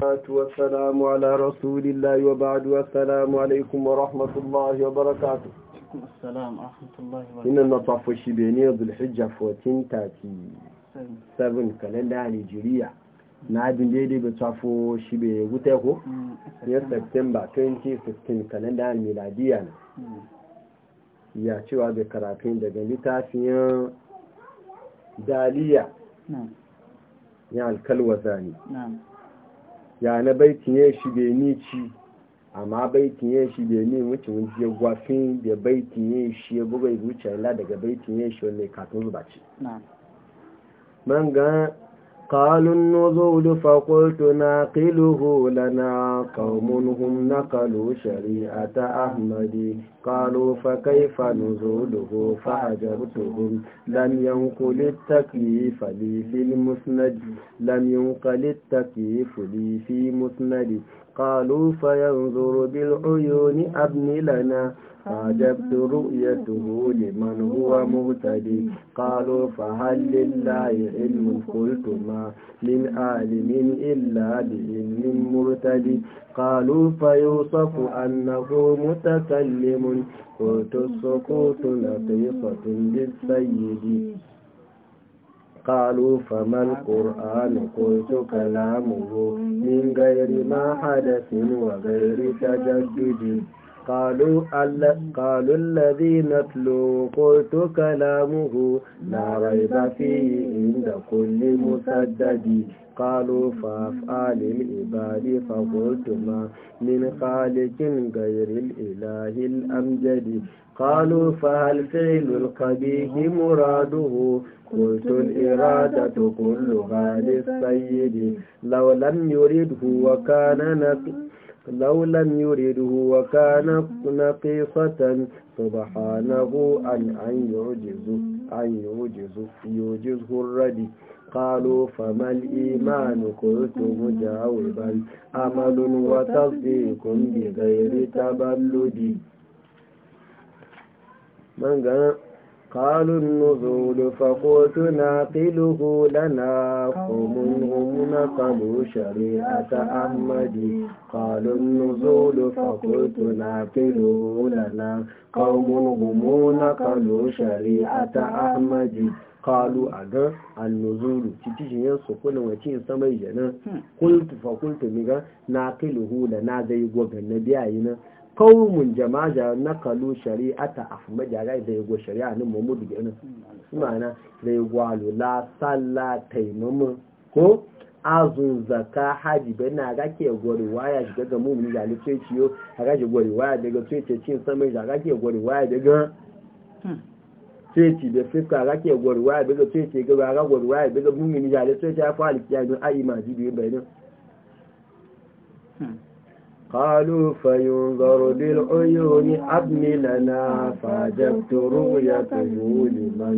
Assalamu alaikum wa ala rasulillahi wa ba'du wa salamu alaikum wa rahmatullahi wa barakatuh. Inan nafafo shi be ni yanzu lufin jafotin tafi sabon kalenda a Nigeria na abin da ya dai ba tafi shi ya ko? Ya September 2015 kalenda a Miladiya na. Ya cewa bai karafin daga litafin ya daliya. Ya alkalwaza ne. yana na baitin ya shige ni ci amma baitin ya shige ni wuce ya gwafin da baitin ya shi ya buga zuciya daga baitin ya shi wanda ya zuba ci man ga قالوا النزول فقلت ناقله لنا قوم هم نقلوا شريعة أحمد قالوا فكيف نزوله فعجبتهم لم ينقل التكييف لي في المسند لم ينقل التكييف لي في مسند qalu fayanzuru biluyuni abni lana fajabtu ru'yatuhu liman huwa muhtadi qalu fahal lillahi ilmun qultu ma min alimin illa biilmin murtadi qalu fayusafu annahu mutakallimun qultu sukutu latifatun bisayidi قالوا فما القرآن قلت كلامه من غير ما حدث وغير تجدد قالوا قالوا الذي نتلو قلت كلامه لا ريب فيه عند كل مسدد قالوا فافعل العباد فقلت ما من خالق غير الإله الأمجد قالوا فهل فعل القبيح مراده قلت الإرادة كلها للسيد لو لم يرده وكان نقل لو لم يرده وكان نقيصة سبحانه أن أن يعجزه أن يعجزه يعجزه الردي قالوا فما الإيمان قلتم مجاوبا أمل وتصديق بغير تبلد من قال قالوا النزول فقلت ناقله لنا قوم هم نقلوا شريعة أحمد قالوا النزول فقلت ناقله لنا kan gumuna kalu shari'ata ahmadi kalu adan annuzuru titi shi yin sukunin wace yin sama yi jana kultu fa kultu na kilu hula na na biya yi na kawumin jama'a na kalu shari'ata ahmadi a gai zai go shari'a ni mamudu gani suna na zai gwalo la sallah taimamu ko azun zaka haji bai na gake gwari waya shiga ga mummuni da alice ciyo a ya gwari waya daga tuce cin samai da gake gwari waya daga hmm. tuce da fiska a gake gwari waya daga tuce gaba a gwari waya daga mummuni da alice ya fara don ayi ji biyu bayanin قالوا فينظر بالعيون أبن لنا فعجبت رؤيته لمن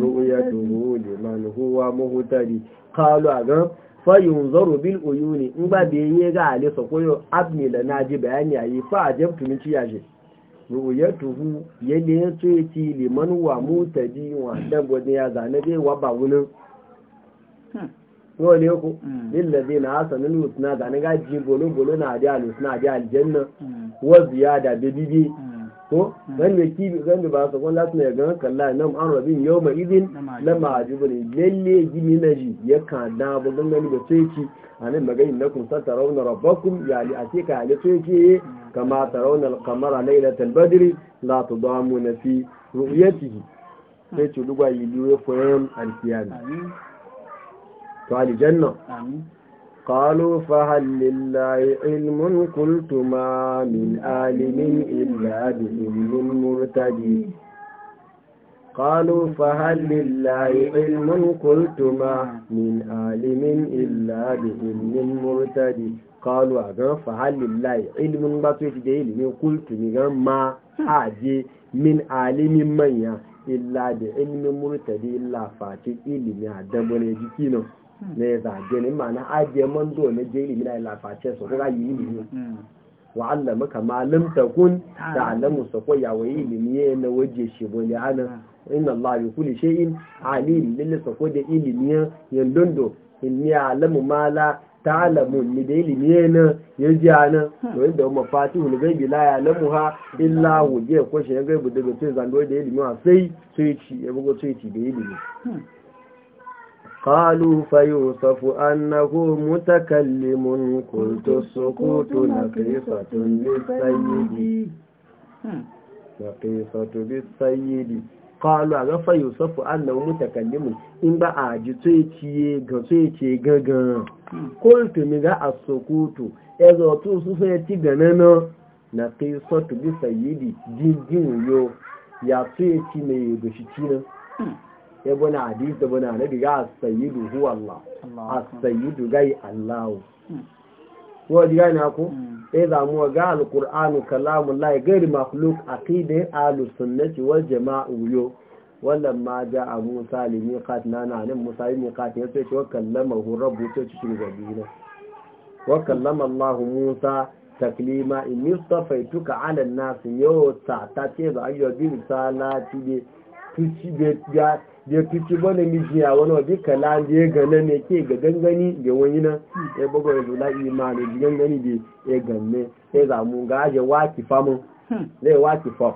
رؤيته لمن هو مهتدي قالوا fayin zaro bil uyuni in ba da yi ga ale sa koyo abni da naji bayani yayi fa ajabtu min ci yaje ru'yatuhu yadda ya ce ti liman wa mutaji wa dan godin ya zane dai wa ba wulin no ne ko hmm. lillazina hasanul husna zane ga ji bolo bolo na da al husna da aljanna wa ziyada bibi hmm. ko hmm. zan me kibi zan ba su lati ya gan kalla nan an rabin yau ma idin na ma'ajibu ne lalle gini na ji ya ka da bu gangani da tsoyaki a nan magani na kun sata raunar rabbakum ya li a teka ya li ya hmm. kama ta raunar kamara lailatul badri la tu damu na fi ru'yatihi hmm. sai ci dugwa yi liwe foyan alfiyani to alijanna amin قالوا فهل لله علم قلت ما من عالم إلا بإذن مرتدي قالوا فهل لله علم قلت ما من عالم إلا بإذن مرتدي قالوا أغن فهل لله علم جيل من قلت ما حاجة من عالم من يا إلا بإذن مرتدي إلا فاتح إلي ما دبني جكينه ne zage ne ma'ana ajiye mando na je ilimi na laface su kuma yi ilimi mm. Mm. wa Allah maka malam ta kun da alamu su kwa ya yi ilimi ne na waje shi bole ana mm. inna Allah bi shi in alim lil su kwa da ilimi ya dondo inni alamu mala alamu ni da ilimi ne na yaji ana to hmm. inda umma fatihu ni gaibi la alamu ha illa hu hmm. je ko da sai da ilimi wa sai sai ya bugu sai da ilimi hmm. قالوا فيوصف أنه متكلم قلت السكوت نقيصة بالسيد نقيصة بالسيد قالوا أغفى يوصف أنه متكلم إن بأعجي تيتي غغان قلت مغا السكوت إذا توصف يتغننا نقيصة بالسيد جيجين يو يا تيتي ميغشتين ya buna hadisi buna nabi ga sayyidu huwa Allah as-sayyidu gai Allah hmm. ko diga na ku sai hmm. eh, za mu ga al-Qur'anu kalamullahi gairi makhluq aqide al-sunnati wal jama'u yo wannan ma Abu a Musa limi na na ne Musa limi qat ya ce wa kallama hu rabbu ce cikin gabina wa kallama Allah Musa taklima in istafaituka ala an-nas yau ta ta ce ba ayyo bi salati bi tuci be ga da fiti bane mijiya wani wa duka lan da ya gane ne ke ga gangani da wani nan ya bugu da zula imani da gangani da ya gane ya zamu ga aje waki famu zai waki fa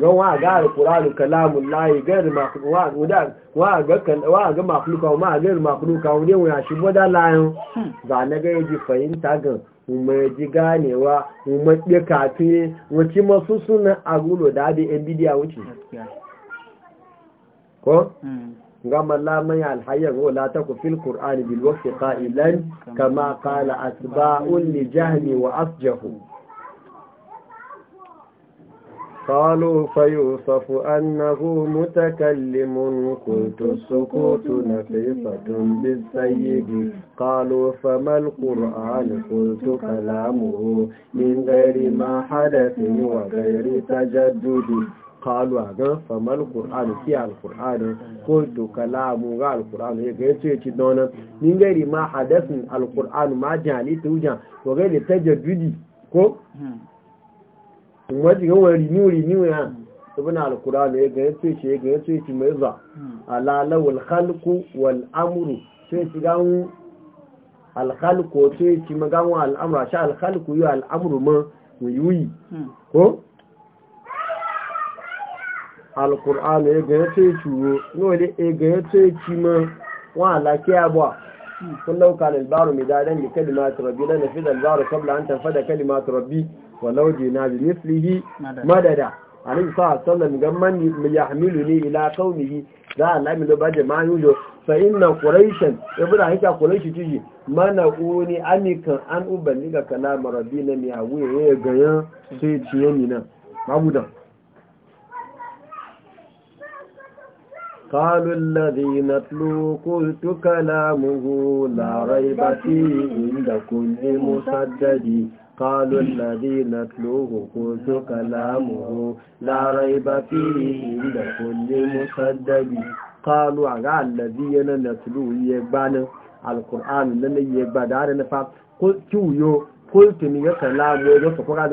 gan wa ga alqur'anu kalamun lahi gar ma wa guda wa ga kan wa ga makhluka ma gar makhluka ne wa shi boda layon ga na ga ji fahimta ga Umar ji ganewa umar ɗe kafin wacce masu suna agulo da abin yan wuce ko gama lamun alhayyar wala ta ku fil qur'ani bil waqti qailan kama qala asba'un li jahmi wa asjahu قالوا فيوصف أنه متكلم قلت السكوت نفيصة بالسيد قالوا فما القرآن قلت كلامه من غير ما حدث وغير تجدد kalu a gan famal qur'an fi al alqur'an ko to kalamu ga al alqur'an ya ga yace ci dona min gari ma hadathin al alqur'an ma jani tuja to ga le tajaddudi ko mu ji wajen wani renew renew ya al alqur'an ya ga yace ci ga yace ci mai za ala lawal khalqu wal amru sai ci ga khalqu sai ci magan al-amru sha al-khalqu ya al-amru ma yuyi ko alkur'an ya gaya ce ciwo nole ya gaya ce kima kun lauka albaru mai da kalimatu rabbi na nafi albaru kabla an tafa da kalimatu rabbi wa lauje na bi mislihi madada a nan sa sallam gamman mai yahmilu ne ila kaunihi za a da ba jama'a yi fa inna quraishan ibrahim ka quraishi mana uni amikan an ubani ga kalamar rabbi na mi hawo ya gaya hmm. sai ciye ni nan babu قالوا الذي نتلو قلت كلامه لا ريب فيه عند كل مسدد قالوا الذي نتلوه قلت كلامه لا ريب فيه عند كل مسدد قالوا على الذي نتلوه يبان القرآن لن يبان دارنا فقلت يو قلت من كلامه يوسف قرآن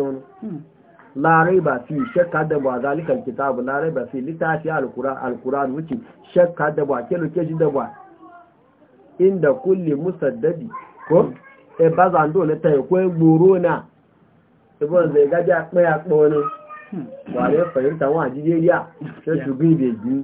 larai ba fi shakka da ba zalikar kitabu larai ba fi littafi alkuran wuce shakka da ba ke lokaci da ba inda kulle musaddadi ko e ba zando na tayi ko e gboro na ibon e zai gaji a kpaya kpọ ne hmm. ba ne fahimta wa jijeriya sai shugin beji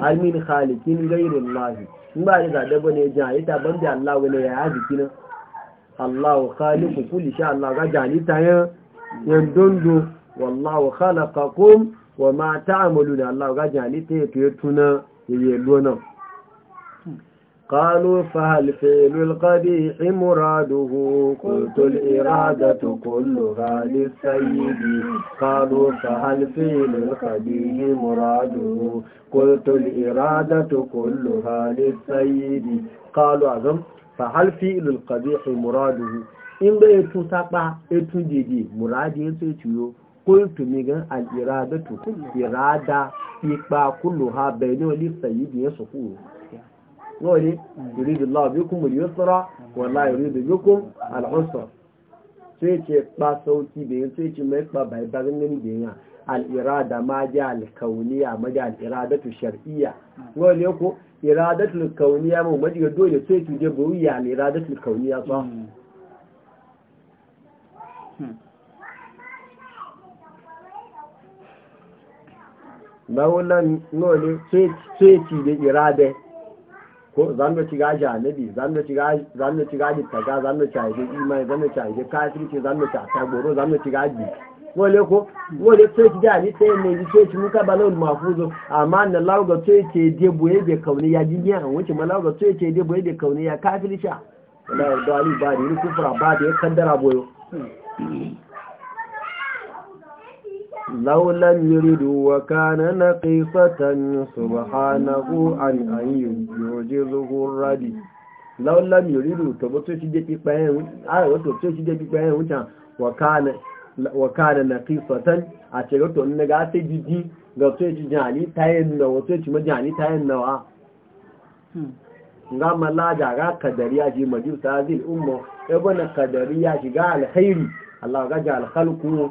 almin khalikin gairin lahi in ba ni zaɗe ba ne jani ta ban da Allah wani ya yaji kina Allah wa khaliku kuli sha Allah ga jani ta yan yan dondo wa khalaqakum wa ma ta'maluna Allah ga jani ta ya tuna ya yi lona قالوا فهل فعل القبيح مراده قلت الإرادة كلها للسيد قالوا فهل فعل القبيح مراده قلت الإرادة كلها للسيد قالوا أعظم فهل فعل القبيح مراده إن بيتو ساقع إتو جدي مرادي سيتيو قلت ميغا الإرادة كلها إرادة إقبا كلها بينه للسيد يسفوه نولي يريد الله بكم اليسرى والله يريد بكم العسر سيتي با صوتي بين سيتي ميك با باي باغنن بينا الإرادة ما جاء الكونية ما جاء الإرادة الشرعية نولي يكو إرادة الكونية مو ما جاء دولة سيتي جبوية عن إرادة الكونية صح bawulan nole sai ci da irade ko zanu ci gaji annabi zanu ci gaji zanu ci gaji kaza zanu ci aje imani zanu ci aje kafirci zanu ci ata goro zanu ci gaji wole ko wole sai ci gaji sai ne ji sai ci muka balon mafuzo amma na lauga sai ce de boye be kauni ya ji yan wuce ma lauga sai ce de boye be kauni ya kafirci wala dali ba ni fara ba da kaddara boyo لو لم يرد وكان نقيصة سبحانه عن أن يعجزه الردي لو لم يردوا وكان وكان نقيصة أتغطوا أنك أتجدي غطوا جعلي تايننا وطوا جعلي تايننا ga malaja ga kadariya ji majusa zil umma kadari kadariya shiga alkhairi Allah ga ja alkhalqu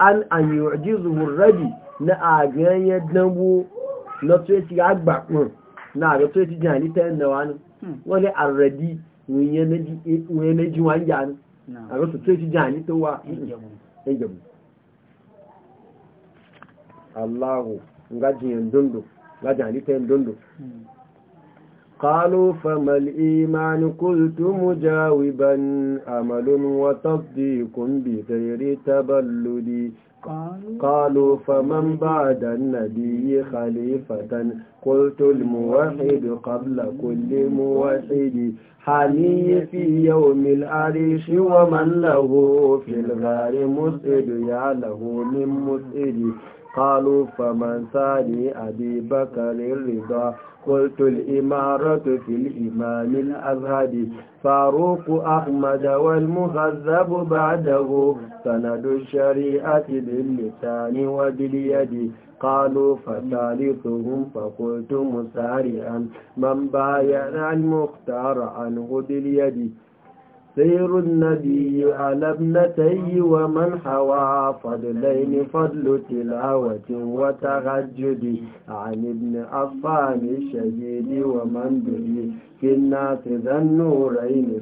an an yu'jizuhu rabi na agayen yadnabu na tsoci agba kun hmm, na ga tsoci jani ta yanda wani hmm. wani arradi wani na ji wani jani a ga tsoci jani ta wa yan gabu Allahu nga jiyan dundu nga jani ta yan dundu قالوا فما الإيمان قلت مجاوبا أمل وتصديق بغير تبلد قالوا فمن بعد النبي خليفة قلت الموحد قبل كل موحد حني في يوم العريش ومن له في الغار مسعد يا له من مسعد قالوا فمن ثاني أبي بكر الرضا قلت الإمارة في الإمام الأزهد فاروق أحمد والمغذب بعده سند الشريعة باللسان وباليد قالوا فثالثهم فقلت مسارعا من بايع المختار عنه باليد سير النبي على ابنتي ومن حوى فضلين فضل تلاوة وتغجدي عن ابن أصفان الشهيد ومن به الناس ذا النورين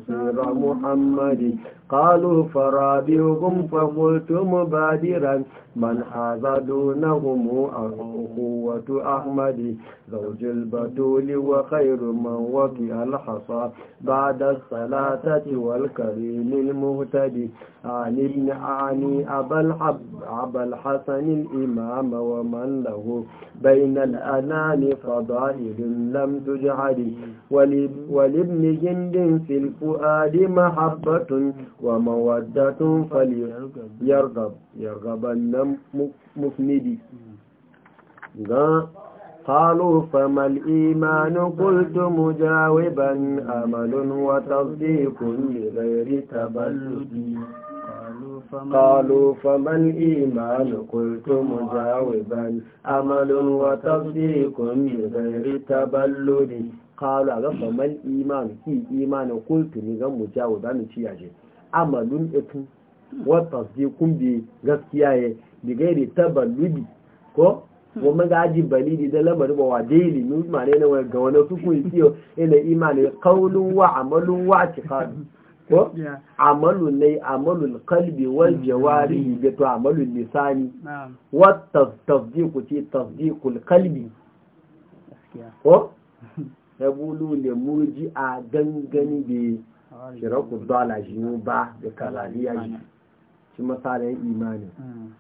محمد قالوا فرابعهم فقلت مبادرا من حاز دونهم أخوة أحمد زوج البتول وخير من وقع الحصى بعد الصلاة والكريم المهتدي عن ابن عني أبا, الحب الحسن الإمام ومن له بين الأنام فضائل لم تجعل ولي ولابن جند في الفؤاد محبة ومودة فليرغب النم مفندي قالوا فما الإيمان قلت مجاوبا أمل وتصديق لغير تبلد قالوا فما الإيمان قلت مجاوبا أمل وتصديق لغير تبلد kalu a gafa man imanu ki imanin kultu ne gan mujawo za mu ci yaje amalun ikun wata su kun bi gaskiya ya diga da taballubi ko wa magaji balidi da lamarin ba wa daily mu ma ne na ga wani su kun ciyo ina imanin kaulun wa amalun wa tikadu ko amalu ne amalul kalbi wal jawari da to amalul lisani wa tasdiqu ti tasdiqul kalbi ko ya bulu ne murji a gangani be shiraku dala ba da kalaliya shi shi masalin imani hmm.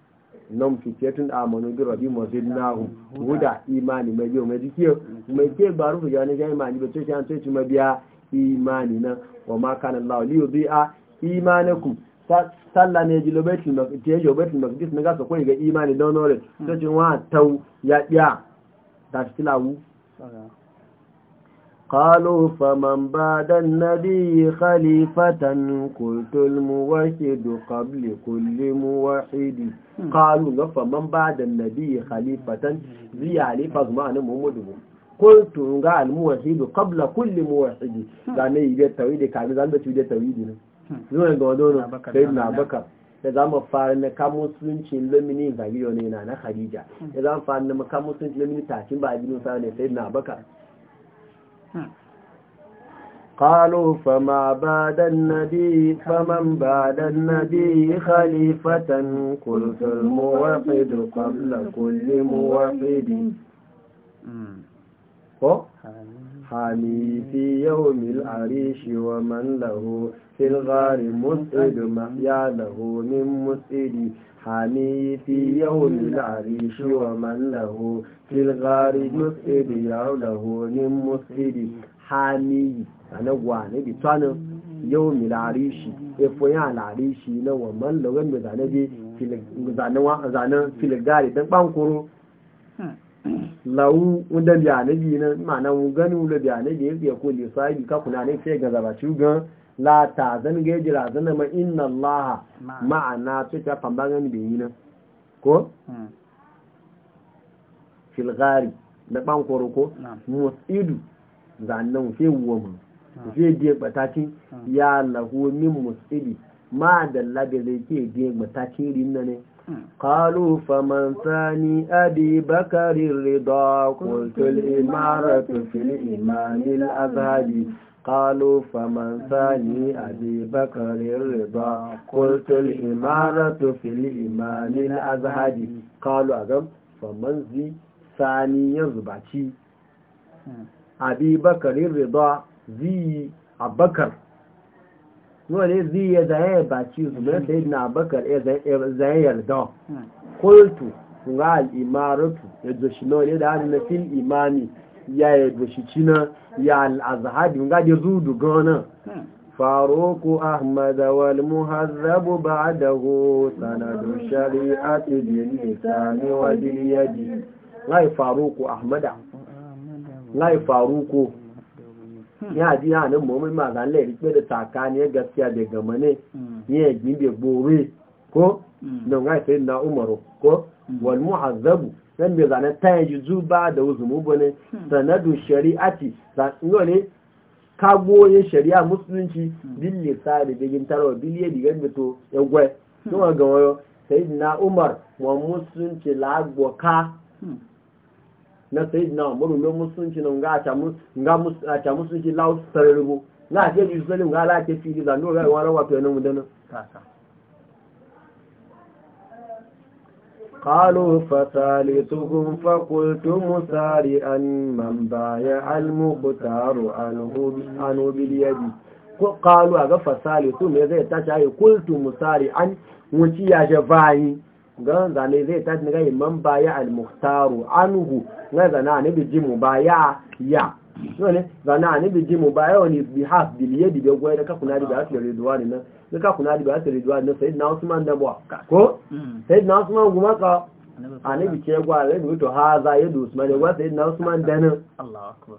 nan fitiyatun amanu bi rabi mazid nahu wuda hmm. imani mai yau mai jikiyar hmm. mai ke baru fujiya na jami'a imani ba ce an ce ci mabiya imani nan wa ma kana Allah li yudhi'a imanakum sallah ne ji lobetin makdis lobetin makdis na gasa koyi ga imani don nore to cin wa ya biya da tilawu قالوا فمن بعد النبي خليفة قلت الموحد قبل كل موحد قالوا فمن بعد النبي خليفة زي علي فضمان محمد قلت نغا الموحد قبل كل موحد يعني يبي التوحيد كان زان بتو يبي التوحيد نو زي غودون سيدنا بكر da za mu fara na kamusuncin lamini zagiro ne na na khadija da za mu fara na kamusuncin lamini tashin ba a jinin sa ne sai na bakar قالوا فما بعد النبي فمن بعد النبي خليفة قلت الموحد قبل كل موحد حالي في يوم العريش ومن له في الغار مسعد محيا له من مسعد حمي فيه العريش ومن له في الغار مسئد يعله من مسئد حمي أنا وانا بطانا يوم العريش إفويا العريش ومن له من زانا في الغار دنبان lawu wanda biya na biyu na ma'anan gani wanda biya na biyu ya kone yi kakuna ne sai ga zabaci gan la ta zan ga jira zan ma inna allaha ma'ana to ta fambangan da yi ko hmm. filgari da bankoro ko musidu zannan fe woma fe die batati ya lahu min musidi ma da labe zai ke die din rin ne قالوا فمن ثاني أبي بكر الرضا قلت الإمارة في الإمام الأذهبي قالوا فمن ثاني أبي بكر الرضا قلت الإمارة في الإيمان الأزهد قالوا أقام فمن ثاني يزبعتي أبي بكر الرضا زي أبكر wane zai ya zaya ya baci zumar da yana bakar kultu ga al'imaratu ya joshi na ya da hannun fil imani ya yi bashici na ya al'azhabi ga da zudu gana hmm. faruku ahmad wal da ba'dahu sanadu shari'ati bil lisani wa bil yadi lai faruku ahmada lai faruku hmm. ya ji ya nan mumin ma zan lai rike da takani e gaskiya da gamane ne ya da gore ko don hmm. ga sai na umaru ko wal azabu ɗan bai zane ta yaji ba da wuzumu bane hmm. sanadu shari'ati sanyo ne kagoyin shari'a musulunci hmm. sa da bigin tarwa biliye digan bito ya gwe sun hmm. ga wayo na umar wa musulunci lagboka na sayyidina umar musulunci na nga a ca musulunci rubu na a ce yi wa fiye na قالوا فثالثهم فقلت مسارعا من بايع المختار عنه, عنه باليد قالوا أغا فثالثهم إذا تشعي قلت مسارعا وشي أجفاهي gan zane zai tashi na gani man baya al-muhtaru anhu na zana ne bi ji mu baya ya dole zana ne bi jimu ba yawon bi haf bi yadi bi gwai da ka kuna da asir ridwani nan da ka kuna da asir ridwani nan sayyidina usman da bwa ko sai mm. sayyidina usman guma ka bi ke gwa da bi to ha za yadu usman gwa sayyidina usman da nan Allahu akbar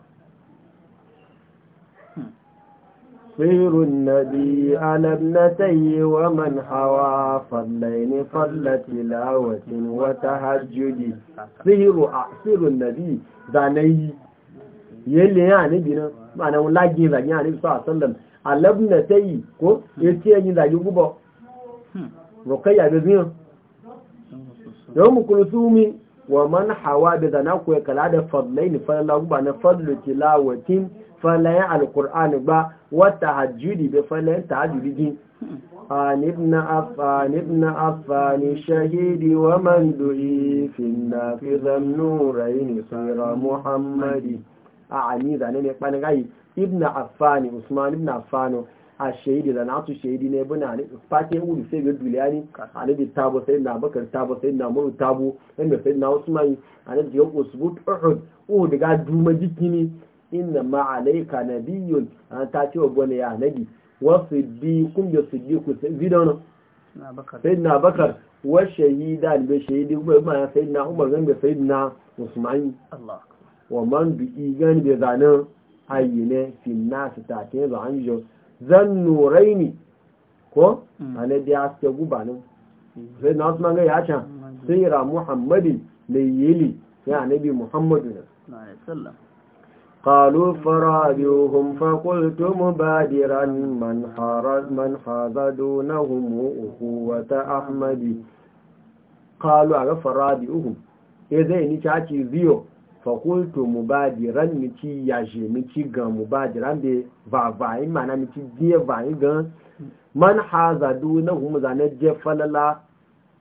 خير النبي على ابنتي ومن حوى فضلين فضل تلاوة وتهجد خير أعصر النبي ذا نيي yele ya ni bi na ana wala gi la ni ani sallam alabna tayi ko e ti yin da yugo bo rukaya be biyo yawm kulthumi wa man hawa bi dana ko kala da fadlain fa la ba na fadlu tilawatin fa la ya alquran ba wa tahajjudi bi fa la tahajjudi din an ibn affan ibn affan shahidi wa man du'i fi an-nafidh an-nurayn sayra muhammadin a ami zane ne kpanin gayi ibn affani usman ibn Afano. a shahidi da natu shahidi ne buna ne fake wuri sai ga duliyani alibi tabo sai na bakar tabo sai na muru tabo inda sai na usman alibi ya usbut uhud uhud ga duma jikini inna ma alayka nabiyyun an ta ce wa bone ya nabi wa siddiqun bi siddiqu zidana sayyidina bakar wa shahidan bi shahidi kuma sayyidina umar zan bi Na usman Allah wa man bi igan bi zanen ayyane fi nasu ta ke zo an zan nurai mm. ne ko ana da ya suke gubanin sai na wasu manga ya can mm. sai ra muhammadin mai yeli ya nabi muhammadu na قالوا فراجوهم فقلتم بادرا من حرد من حاز دونهم أخوة أحمد قالوا على فراجوهم إذا نتعطي ziyo. fakultu mubadiran miki yashe miki ga mubadiran ma na mana miki diye vayi gan man hazadu na kuma zane jefalala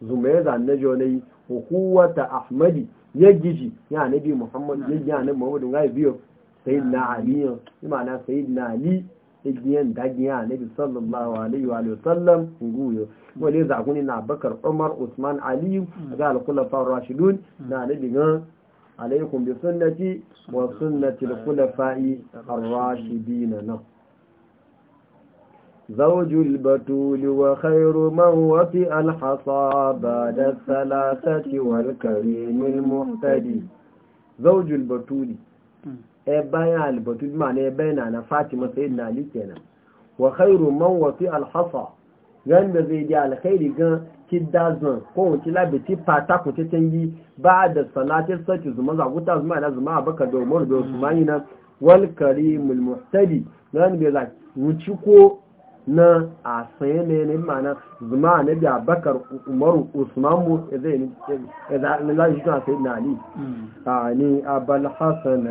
zume zane jonai hukuwata ahmadi ya gizi ya bi muhammad ah. ya ji anabi muhammad ga biyo sayyid na ali na sayyid na ali igiyan dagi ya bi sallallahu alaihi wa sallam guyo wale zakuni na bakar umar usman ali hmm. ga alkhulafa rashidun hmm. na bi gan alaikum bi sunnati wa sunnati al-khulafa'i ar-rashidin na زوج البتول وخير من وفي الحصى بعد الثلاثة والكريم المهتدي زوج البتول e bayan albatul ma ne bayana na fatima sayyidina ali kenan wa khairu man alhasa ran da zai ji alkhairi gan kidda zan ko wuce labi ti fata ku ta tangi ba da salatin sarki zuma zaguta zuma da zuma abaka da umaru da usmani na wal karimul muhtadi ran da zai wuci ko na a saye ne ne mana zuma na biya bakar umaru usman mu zai ne za shi kan sayi na ali a ni abal hasan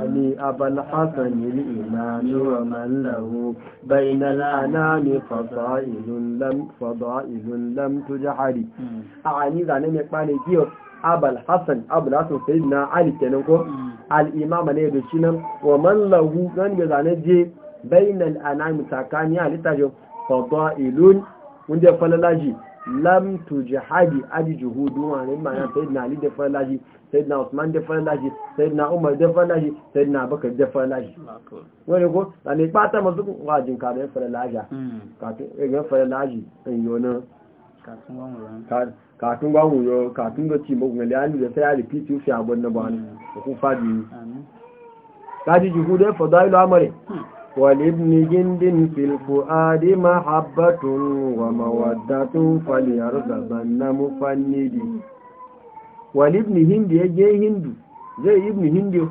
a ni abal hasan ne imani wa mallahu bainal anami fadailun lam fadailun lam tujhari a ni zane ne kwane biyo abal hasan abul hasan sayi na ali kenan ko al imama ne da shi nan wa mallahu nan ga zane je bainal anami tsakani halitta jo fadwa ilun wanda falalaji lam tujhadi aji juhudu wa ne ma na sayyidina ali da falalaji na usman da falalaji sayyidina umar da falalaji sayyidina abubakar da falalaji wani ko da ne pata masu wajin ka da falalaji ka ga falalaji in yona katun gwanwu yo katun ga ci mugun da ali da sai ali piti fi abun na ba ne ko fadi kaji juhudu fa dailu amare ولابن جند في الفؤاد محبة ومودة فليرغبن مفندي ولابن هند يجي هند زي ابن هند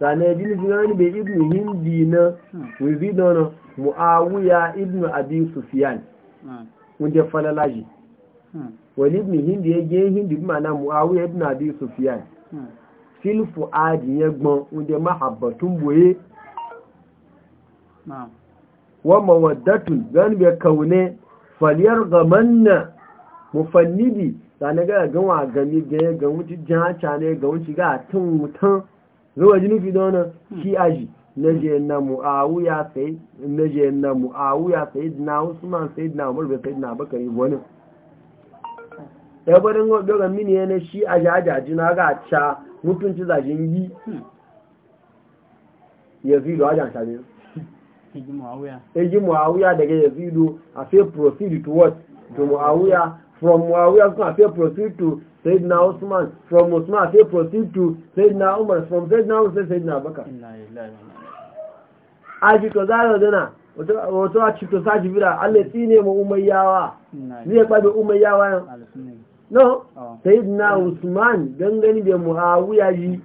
sana bil zinani be ibn hindi na wizi dono muawiya ibn abi sufyan wanda falalaji wani ibn hindi ya gẹ́ hindi bí mana muawiya ibn abi sufyan wa mawaddatun zan biya kaune faliyar gamanna mufannidi zane ga ga wa gami ga ga jan jacha ne ga wuce ga tun mutan zuwa jini fi dona hmm. shi aji naje na muawiya sai naje na muawiya sai na usman sai na umar sai na bakari wani ɗabarin hmm. barin go ga mini ne shi a jajaji na ga ca mutunci zajen yi hmm. ya fi zuwa jan ta eji muawiya daga yazidu a sai proceed to what to muawiya from muawiya kuma a sai proceed to sayyidina usman from usman a sai proceed to sayyidina umar from sayyidina Usman sai sayyidina abubakar aji to zara dana wato a cito saji bira allah ne mu umayyawa zai kwabe umayyawa no oh. sayyidina usman dangane da muawiya yi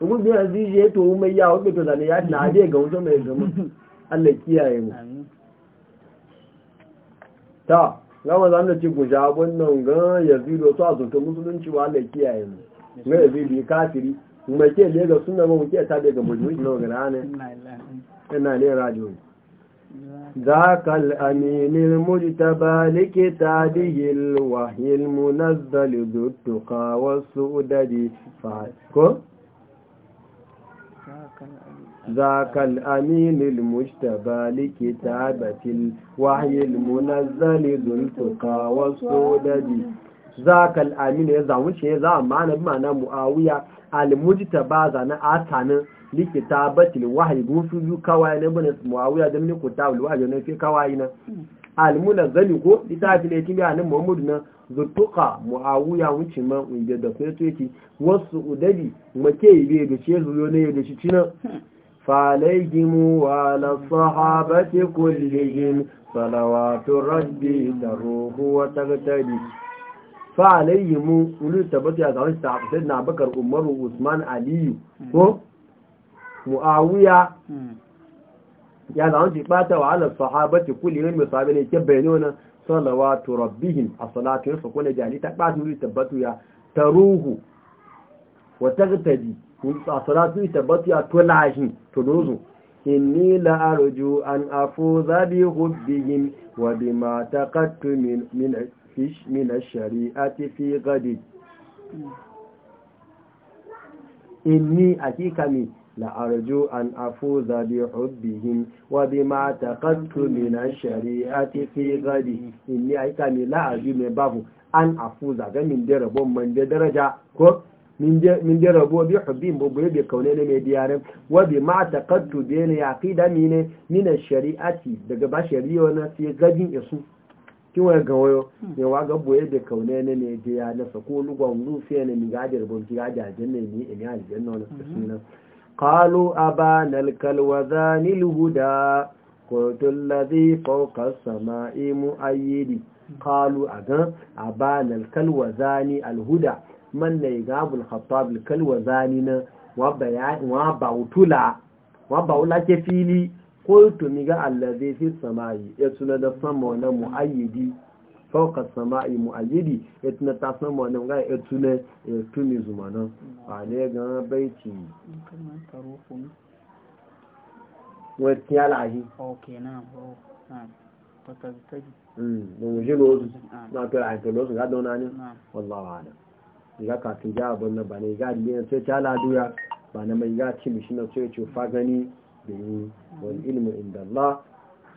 kuma mun biya ya to mai yawo ke to zane ya na je ga wuce mai gama Allah kiyaye mu ta gama za mu ci guja wannan ga yazido to a zuta musulunci wa Allah kiyaye mu ga yazido kafiri kuma ke le ga sunna mu ke ta daga mujmi na ga ne ina ne radio ذاك الأمين المجتبى لكتابه الوحي المنزل ذو التقى والسؤدد فاتكم ذاك الأمين المجتبى لكتابة الوحي المنزل ذو التقى والسودج ذاك الأمين يزعون شيء ذا معنى بمعنى معاوية المجتبى ذا نعتنا لكتابة الوحي قوم في كواينا بنس معاوية دمني كتاب الوحي ونفي كواينا zani ko littafi ne tibi alim muhammadu na zurtuka muawiya wuce ma unje da sai to yake wasu udabi make yi da ce zuyo ne da shi cinan falaihimu wa la sahabati kullihim salawatu rabbi da ruhu wa tagtadi falaihimu ulul tabati ga wani sai na bakar umaru usman aliyu ko hmm. muawiya hmm. ya zama ji bata wa ala sahabati kulli rin musabi ne ke bayano na salawatu rabbihim a salatu yasa kuna jali ta bata nuri tabbatu ya taruhu wa tagtabi a salatu tabbatu ya tulahi tuluzu inni la arju an afuza bi hubbihim wa bima taqattu min min min ash-shari'ati fi ghadi hmm. inni akika min لأرجو أن أفوز بحبهم وبما اعتقدت من الشريعة في غدي إني أيكاني لا أرجو من بابه أن أفوز من دربو من درجة min ji rabo bi hubbin bubuye bi kaune ne mai diyarin wa bi ma taqattu bi ne aqida mine min shari'ati daga ba shari'a na sai gadin isu kin wa ga wayo ne wa ga boye bi kaune ne mai diyarin ko lugon rufe ne mi ga dirbon ki ga ne ni ina aljanna قالوا أبانا الكالوذان الهدى قلت الذي فوق السماء مؤيد قالوا أغن أبانا الكالوذان الهدى من نيقاب الخطاب الكالوذان وبعتلا وبعلا كفيلي قلت ميغا الذي في السماء يتنا دفن مؤيدي fauka sama'i mu'ayyidi ya tuna ta mu wannan ga ya tuna ya tuni zumanan a ne mm. ga baiti wata ya lahi okay na oh, na fatartaji tota mm don wajen lozu na to a to lozu ga dona ne ala ga ka tun ja abun nan ba ne ga ne sai ta laduya ba na mai ga ci mishi na sai ce fa gani da yi mm. wal